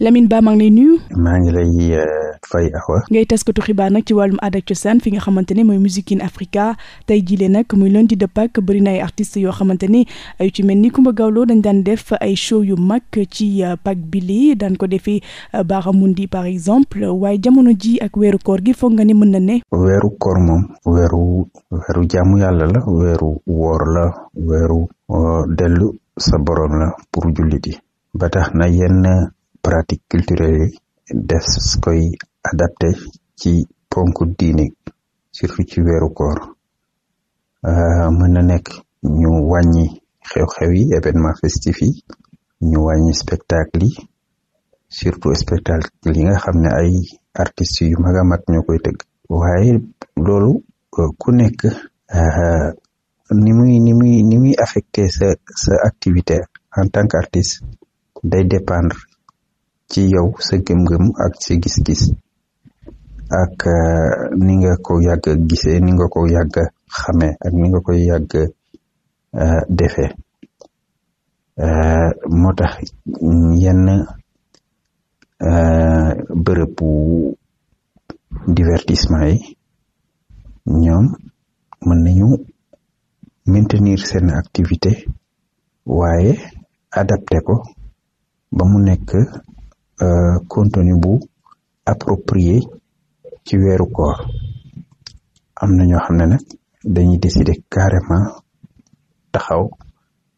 Lamine Ba maa ngi lay nuyu. maa ngi lay euh, fay Awa. ngay taskatu xibaar nag ci wàllum aada ak cosaan fi nga xamante ne mooy Music in Africa tey jii leen nag muy lundi de Pâques bëri na ay artistes yoo xamante ne yu ci mel ni Coumba Gawlo dañ daan def ay show yu mag ci euh, Pâques bi lii daan ko defee euh, Baaramundi par exemple waaye jamono ji ak weeru koor gi foog nga ne mën na ne. weeru koor moom weeru weeru jaamu yàlla la weeru woor la weeru dellu sa borom la pour jullit yi ba tax na pratique culturelle yi des koy adapté ci ponk diine surtout ci weeru koor euh, mën na nekk ñu wàññi xew-xew yi événement festif yi ñu wàññi spectacle yi surtout spectacle yi nga xam ne ay artistes yu mag a mag ñoo koy tëgg waaye loolu euh, ku nekk euh, ni muy ni muy ni muy affecté sa sa activité en tant qu'artiste day dépendre ci yow sa gëm-gëm ak sa gis-gis ak euh, ni nga ko yàgg gisee ni nga ko yàgg xamee ak ni nga koy yàgg euh, defe euh, moo tax yenn bërëbu bu divertissement yi ñoom mën nañu maintenir seen activité waaye adapté ko nekk Euh, contenu bu approprié ci weeru koor am na ñoo xam ne nag dañuy décider carrément taxaw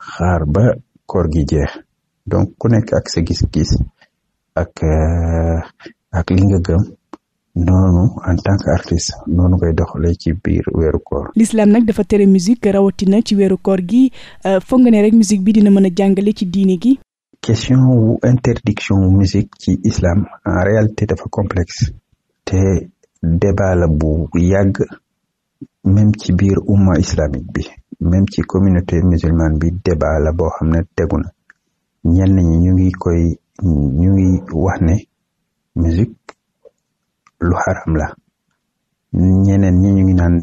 xaar ba koor gi jeex donc ku nekk ak sa gis-gis ak euh, ak li nga gëm noonu en tant que artiste noonu koy doxalee ci biir weeru koor. l'islam nag dafa tere musique rawatina ci weeru koor gi euh, foog nga ne rek musique bi dina mën a jàngale ci diini gi. question wu interdiction wu musique ci islam en réalité dafa complexe te débat bu yàgg même ci biir umma islamique bi même ci communauté musulmane bi débat boo xam ne tegu na ñenn ñi ñu koy ñu ngi musique lu xaram la ñeneen ñi ñu ngi naan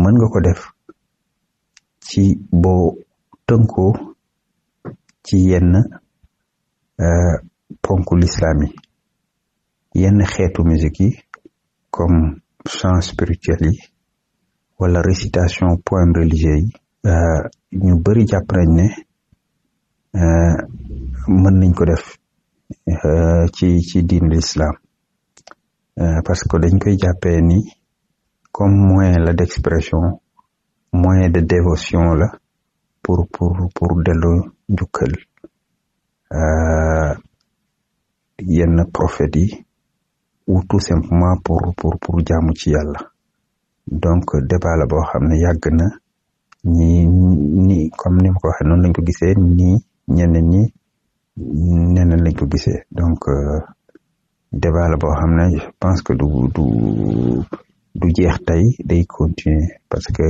mën nga ko def ci boo tënkoo ci yenn ponk lislaam yi yenn xeetu musique yi comme chant spirituel yi wala récitation poème religieux yi euh, ñu bëri jàpp nañ ne euh, mën nañ ko def euh, ci ci lislaam l'islam parce que dañ koy jàppee ni comme moyen la d'expression moyen de dévotion la pour pour pour dellu njukkal Euh, yenn prophètes yi ou simplement pour pour pour jaamu ci yàlla donc débat la boo xam ne yàgg na ñi ni comme ni ma ko waxee noonu lañ ko gisee nii ñeneen ñi neneen lañ ko gisee donc euh, débat la boo xam ne pense que du du jeex tey day continuer parce que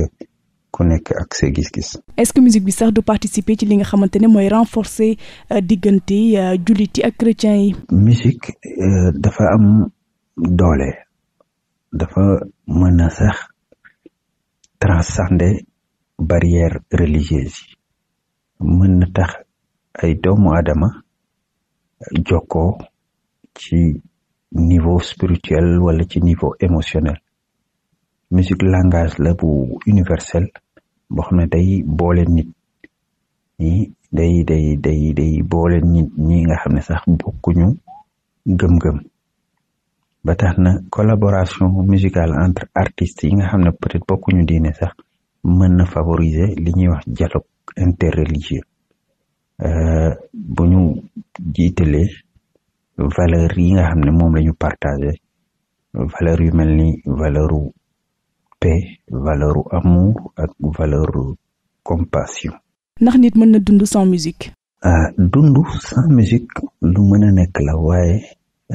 ku nekk ak say gis-gis. est-ce que musique bi sax du participer ci li nga xamante ne mooy renforcer euh, diggante euh, jullit yi ak chrétiens yi. musique euh, dafa am doole dafa mën a sax transcender barrière religieuse yi mën na tax ay doomu aadama jokkoo ci niveau spirituel wala ci niveau émotionnel musique langage la bu universel boo xam ne day boole nit ñi day day day day boole nit ñi nga xam ne sax bokkuñu gëm-gëm ba tax na collaboration musicale entre artistes yi nga xam ne peut bokkuñu diine sax mën na favoriser li ñuy wax dialogue interreligieux euh, bu ñu jiitalee valeur yi nga xam ne moom lañu ñu partagé valeur yu mel ni valeur paix valeur amour ak valeur compassion. ndax nit mën na dund sans musique. ah dund sans musique lu mën a nekk la waaye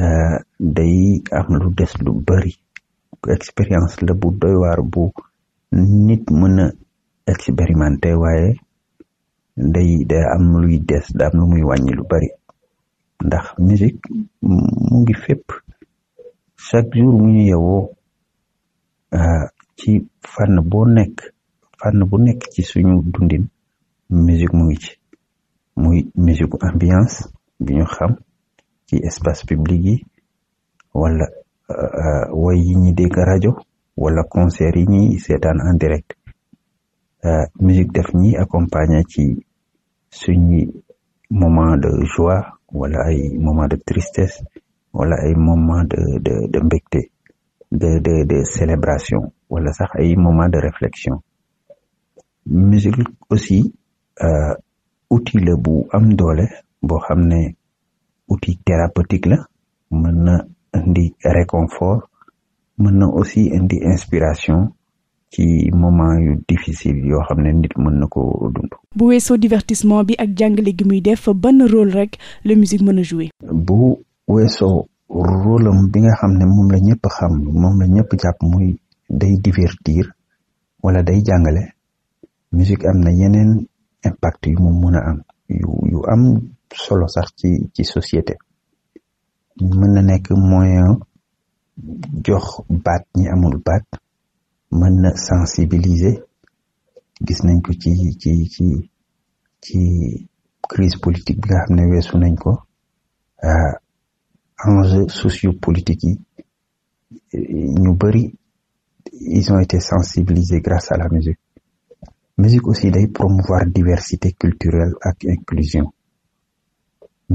ah, day am lu des lu bari expérience la bu doy waar bu nit mën a expérimenter waaye day day am luy des da am lu muy lu bari ndax musique mu ngi fépp chaque jour mu ñu yewoo ah, ci fànn boo nekk fànn bu nekk ci suñu dundin musique mu ngi ci muy musique ambiance bi ñu xam ci espace public yi wala euh, euh, way yi ñuy dégg rajo wala concert yi ñuy seetaan en direct euh, musique def ñi accompagner ci suñu moment de joie wala ay moment de tristesse wala ay moment de de de mbégte de de de célébration wala sax ay moment de réflexion musique aussi euh, outil la bu am doole boo xam ne outil thérapeutique la mën na indi réconfort mën na aussi indi inspiration ci moment yu difficile yoo xam ne nit mën na ko dund. bu weesoo divertissement bi ak jàngale gi muy def ban rôle rek la musique mën a jouer. bu weesoo rôle am bi nga xam ne moom la ñëpp xam moom la ñëpp jàpp muy. day divertir wala day jàngale musique am na yeneen impact yu mu mun a am yu yu am solo sax ci ci société mën na nekk moyen jox baat ñi amul baat mën na sensibiliser gis nañ ko ci ci ci ci crise politique bi nga xam ne weesu nañ ko ah, enjeux sociopolitiques yi ñu bëri ils ont été sensibilisés grâce à la musique musique aussi day promouvoir diversité culturelle ak inclusion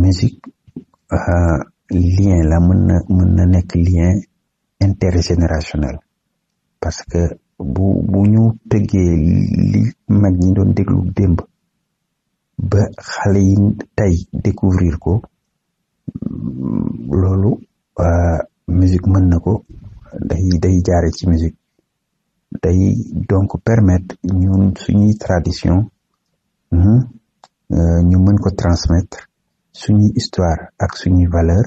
musique euh, lien la mën na mën na nekk lien intergénérationnel parce que bu bu ñu tëggee li mag doon déglu démb ba xale yi tey découvrir ko loolu euh, musique mën na ko day day jaare ci musique day donc permettre ñu suñuy tradition euh, ñu mën ko transmettre suñuy histoire ak suñuy valeur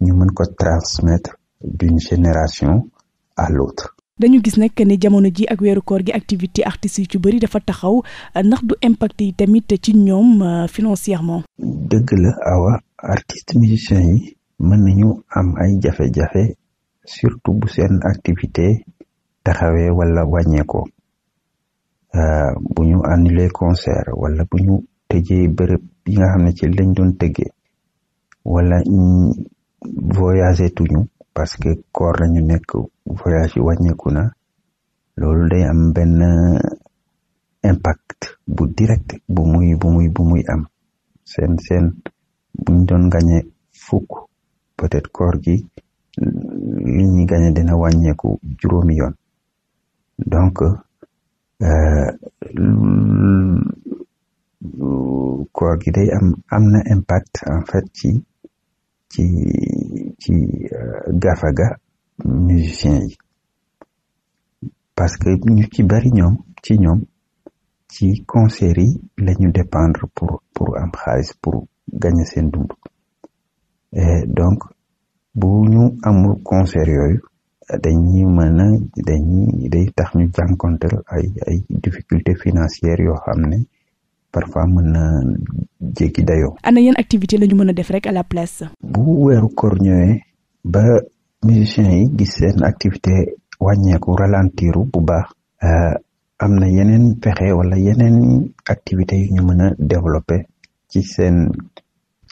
ñu mën ko transmettre d'une génération à l'autre dañu gis nag ni jamono ji ak weeru koor gi activité artistes yi ci bëri dafa taxaw euh, ndax du impact yi tamit ci ñoom euh, financièrement dëgg la awa artiste musiciens yi mën nañu am ay jafe-jafe surtout bu seen activité taxawee wala wàññeekoo euh, bu ñu annulé concert wala buñu ñu tëjee bërëb yi nga ne ci lañ doon tëggee wala voyagé tuñu parce que koor lañu nekk voyage yi wàññeeku na loolu de am benn impact bu direct bu muy bu muy bu muy am seen sen buñ doon gañee fukk peut-être koor gi li ñuy gañe dina wàññeeku juróomi donc koor gi day am am na impact en fait ci ci ci euh, gafaga musicien yi parce que ñu ci bari ñoom ci ñoom ci concert yi lañu dépendre pour pour am xaalis pour gagner seen dund donc bu ñu amul concert yooyu dañuy mën a dañuy day tax ñu jànkonteel ay ay difficultés financières yoo xam ne parfois mën na jéggi dayoo. ana yan activité lañu ñu mën a def rek à la place. bu weeru kor ñëwee ba musiciens yi gis seen activité wàññeeku ralentiru bu baax. Euh, am na yeneen pexe wala yeneen activité yu ñu mën a développer ci seen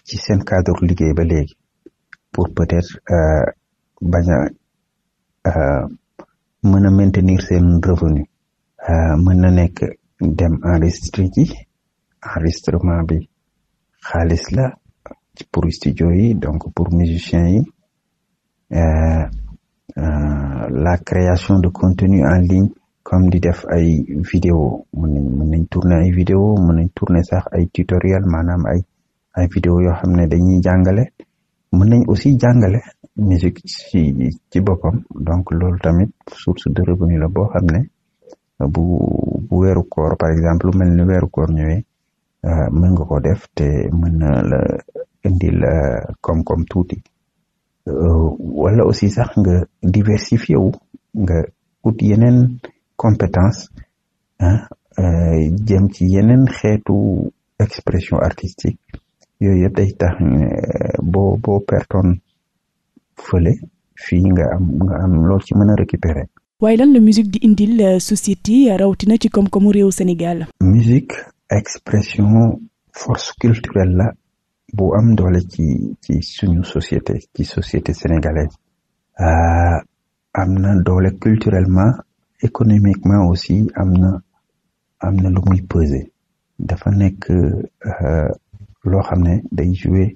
ci seen cadre liggéey ba léegi pour peut-être euh, bañ Euh, mën a maintenir seen revenu euh, mën na nekk dem enregistré ji enregistrement bi xaalis la pour studio yi donc pour musiciens yi euh, la création de contenu en ligne comme di def ay vidéo mën nañ mën nañ tourner ay vidéo mën nañ tourner sax ay tutoriel maanaam ay vidéo yoo xam ne dañuy jàngale mën nañ aussi jàngale musique ci ci boppam donc loolu tamit source de revenu la boo xam ne bu bu weeru koor par exemple lu mel ni weeru koor ñëwee euh, mën nga ko def te mën na la indil euh, koom tuuti euh, wala aussi sax nga diversifié wu nga ut yeneen compétence ah jëm ci yeneen xeetu expression artistique yooyu yëpp day tax boo boo pertoon fële fii nga am nga am loo ci mën a récupérer. waaye lan la musique di indil euh, société rawatina ci koom-koomu réew Sénégal. musique expression force culturelle la bu am doole ci ci suñu société ci société sénégalaise euh, am na doole culturellement économiquement aussi am na am na lu muy peser dafa nekk. Euh, loo xam ne day jouer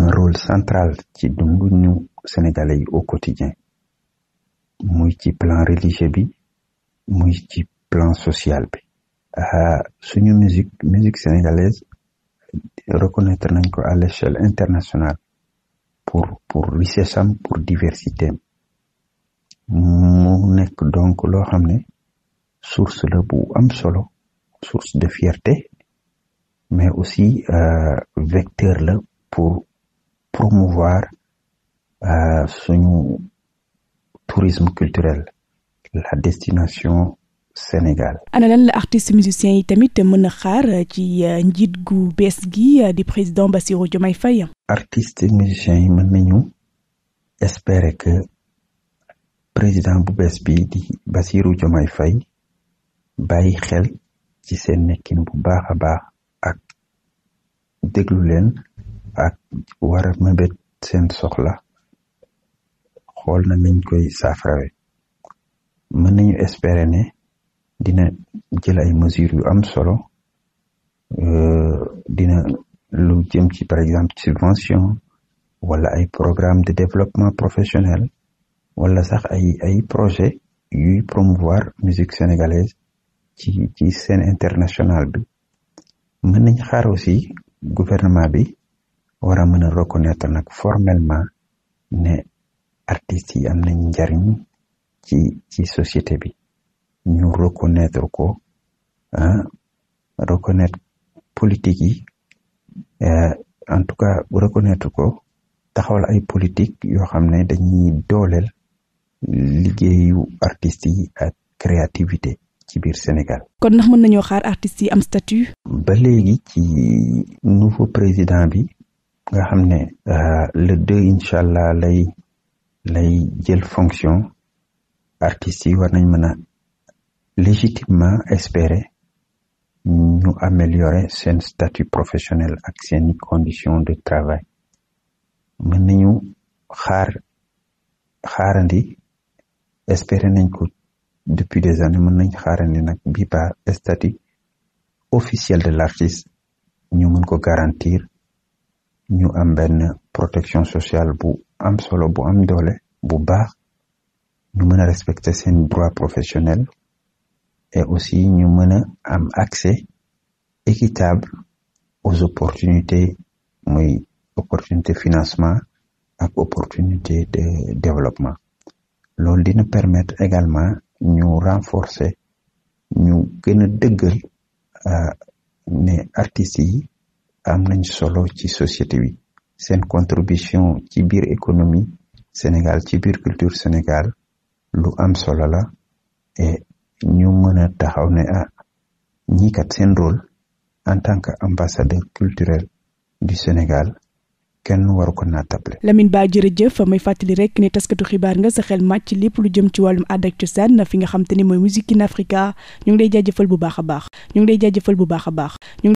un rôle central ci dundu ñu sénégalais yi au quotidien muy ci plan religieux bi muy ci plan social bi ah suñu musique musique sénégalaise reconnaître nañ ko à l'échelle internationale pour pour richesse pour diversité mu nekk donc loo xam ne source la bu am solo source de fierté mais aussi euh, vecteur la pour promouvoir euh, suñu tourisme culturel la destination Sénégal. ana lan la artiste musicien yi tamit mën a xaar ci euh, njiit gu bees gi euh, di président Bassirou Diomaye Faye. artiste musicien yi mën nañu espérer que président bu bees bi di Bassirou Diomaye fay bàyyi xel ci seen nekkin bu baax a baax. déglu leen ak war a mébét seen soxla xool na niñ koy saafarawe mën nañu espérer ne dina jël ay mesures yu am solo euh, dina lu jëm ci par exemple subvention wala ay programme de développement professionnel wala sax ay ay projet yuy promouvoir musique sénégalaise ci ci scène internationale bi mën nañ xaar aussi gouvernement bi war a mën a nag formellement ne artistes yi am nañ njariñ ci société bi ñu reconnaître ko ah politique yi euh, en tout cas reconnaître ko taxawal ay politique yoo xam ne dañuy dooleel liggéeyu artistes yi ak créativité ci biir Sénégal. kon ndax mën nañoo xaar artistes yi am statut. ba léegi ci nouveau président bi nga xam ne euh, le deux incha allah lay lay jël fonction artistes yi war nañ mën a légitimement espérer ñu améliorer seen statut professionnel ak seen condition de travail mën nañu xaar xaarandi espérer nañ ko depuis des années mën nañ xaarandi nag bii par statut officiel de l'artiste ñu mën ko garantir ñu am benn protection sociale bu am solo bu am doole bu baax ñu mën a respecter seen droit professionnel et aussi ñu mën a am accès équitable aux opportunités muy opportunité financement ak opportunité de développement loolu dina permettre également ñu renforcer ñu gën a dëggal euh, ne artistes yi am nañ solo ci société bi seen contribution ci biir économie Sénégal ci biir culture Sénégal lu am solo la et ñu mën a taxaw ne ah ñii kat seen rôle en tant que ambassadeur culturel du Sénégal kenn waru ko naatable Lamine Ba jërëjëf may fàttali rek ne taskatu xibaar nga sa xel màcc lépp lu jëm ci wàllum aada ak cosaan fi nga xam te ne mooy Music in Africa ñu ngi lay jaajëfal bu baax a baax ñu ngi lay jaajëfal bu baax a baax